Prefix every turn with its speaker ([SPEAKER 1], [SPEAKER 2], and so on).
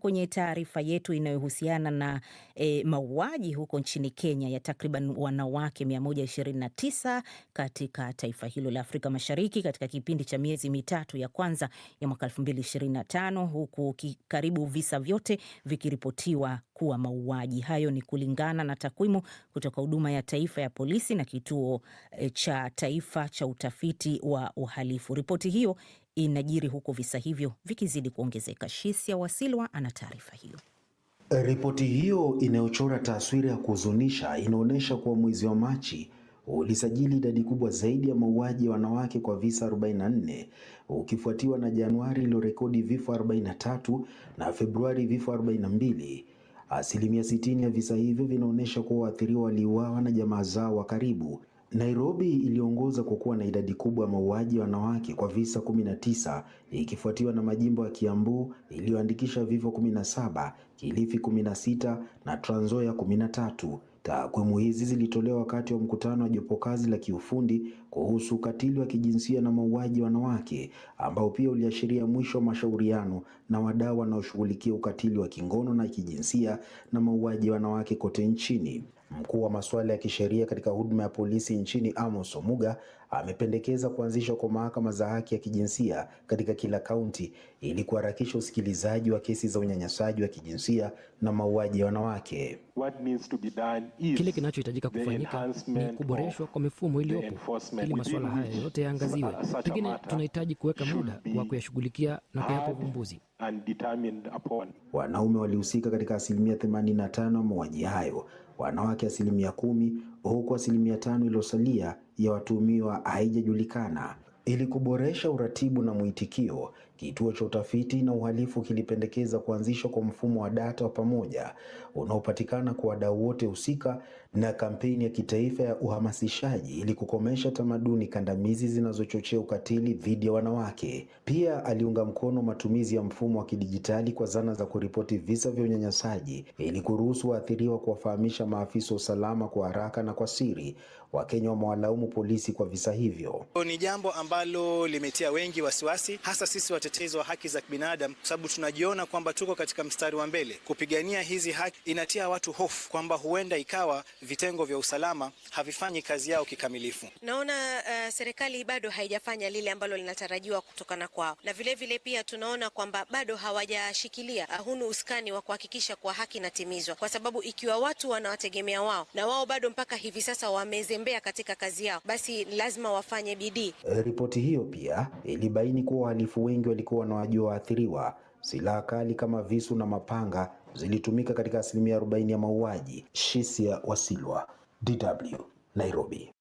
[SPEAKER 1] Kwenye taarifa yetu inayohusiana na e, mauaji huko nchini Kenya ya takriban wanawake 129 katika taifa hilo la Afrika Mashariki katika kipindi cha miezi mitatu ya kwanza ya mwaka 2025 huku karibu visa vyote vikiripotiwa kuwa mauaji. Hayo ni kulingana na takwimu kutoka huduma ya taifa ya polisi na kituo e, cha taifa cha utafiti wa uhalifu. Ripoti hiyo inajiri huku visa hivyo vikizidi kuongezeka. Shisia Wasilwa ana taarifa hiyo.
[SPEAKER 2] Ripoti hiyo inayochora taswira ya kuhuzunisha inaonyesha kuwa mwezi wa Machi ulisajili idadi kubwa zaidi ya mauaji ya wanawake kwa visa 44 ukifuatiwa na Januari iliyorekodi vifo 43 na Februari vifo 42. Asilimia 60 ya visa hivyo vinaonyesha kuwa waathiriwa waliuawa na jamaa zao wa karibu, Nairobi iliongoza kwa kuwa na idadi kubwa ya mauaji ya wanawake kwa visa 19 ikifuatiwa na majimbo ya Kiambu iliyoandikisha vifo 17, Kilifi 16 na Trans Nzoia 13. Takwimu hizi zilitolewa wakati wa mkutano wa jopo kazi la kiufundi kuhusu ukatili wa kijinsia na mauaji wanawake ambao pia uliashiria mwisho wa mashauriano na wadau wanaoshughulikia ukatili wa kingono na kijinsia na mauaji wanawake kote nchini. Mkuu wa masuala ya kisheria katika huduma ya polisi nchini Amos Omuga amependekeza kuanzishwa kwa mahakama za haki ya kijinsia katika kila kaunti ili kuharakisha usikilizaji wa kesi za unyanyasaji wa kijinsia na mauaji ya wanawake.
[SPEAKER 3] Kile kinachohitajika kufanyika ni kuboreshwa kwa mifumo iliyopo ili masuala haya yote yaangaziwe. Pengine tunahitaji kuweka muda wa kuyashughulikia na kuyapa uvumbuzi and determined
[SPEAKER 2] upon. Wanaume walihusika katika asilimia 85 ya mauaji hayo, wanawake asilimia kumi, huku asilimia tano iliyosalia ya watuhumiwa haijajulikana. Ili kuboresha uratibu na mwitikio, kituo cha utafiti na uhalifu kilipendekeza kuanzishwa kwa mfumo wa data wa pamoja unaopatikana kwa wadau wote husika na kampeni ya kitaifa ya uhamasishaji ili kukomesha tamaduni kandamizi zinazochochea ukatili dhidi ya wanawake. Pia aliunga mkono matumizi ya mfumo wa kidijitali kwa zana za kuripoti visa vya unyanyasaji ili kuruhusu waathiriwa kuwafahamisha maafisa wa usalama kwa haraka na kwa siri. Wakenya wamewalaumu polisi kwa visa hivyo.
[SPEAKER 4] Ni jambo amba ambalo limetia wengi wasiwasi, hasa sisi watetezi wa haki za kibinadamu, kwa sababu tunajiona kwamba tuko katika mstari wa mbele kupigania hizi haki. Inatia watu hofu kwamba huenda ikawa vitengo vya usalama havifanyi kazi yao kikamilifu.
[SPEAKER 5] Naona uh, serikali bado haijafanya lile ambalo linatarajiwa kutokana kwao, na vilevile vile pia tunaona kwamba bado hawajashikilia eh, hunu uskani wa kuhakikisha kwa haki inatimizwa, kwa sababu ikiwa watu wanawategemea wao na wao bado mpaka hivi sasa wamezembea katika kazi yao, basi lazima wafanye bidii.
[SPEAKER 2] Eh, Ripoti hiyo pia ilibaini kuwa wahalifu wengi walikuwa wanawajua waathiriwa. Silaha kali kama visu na mapanga zilitumika katika asilimia 40 ya mauaji. Shisia Wasilwa, DW, Nairobi.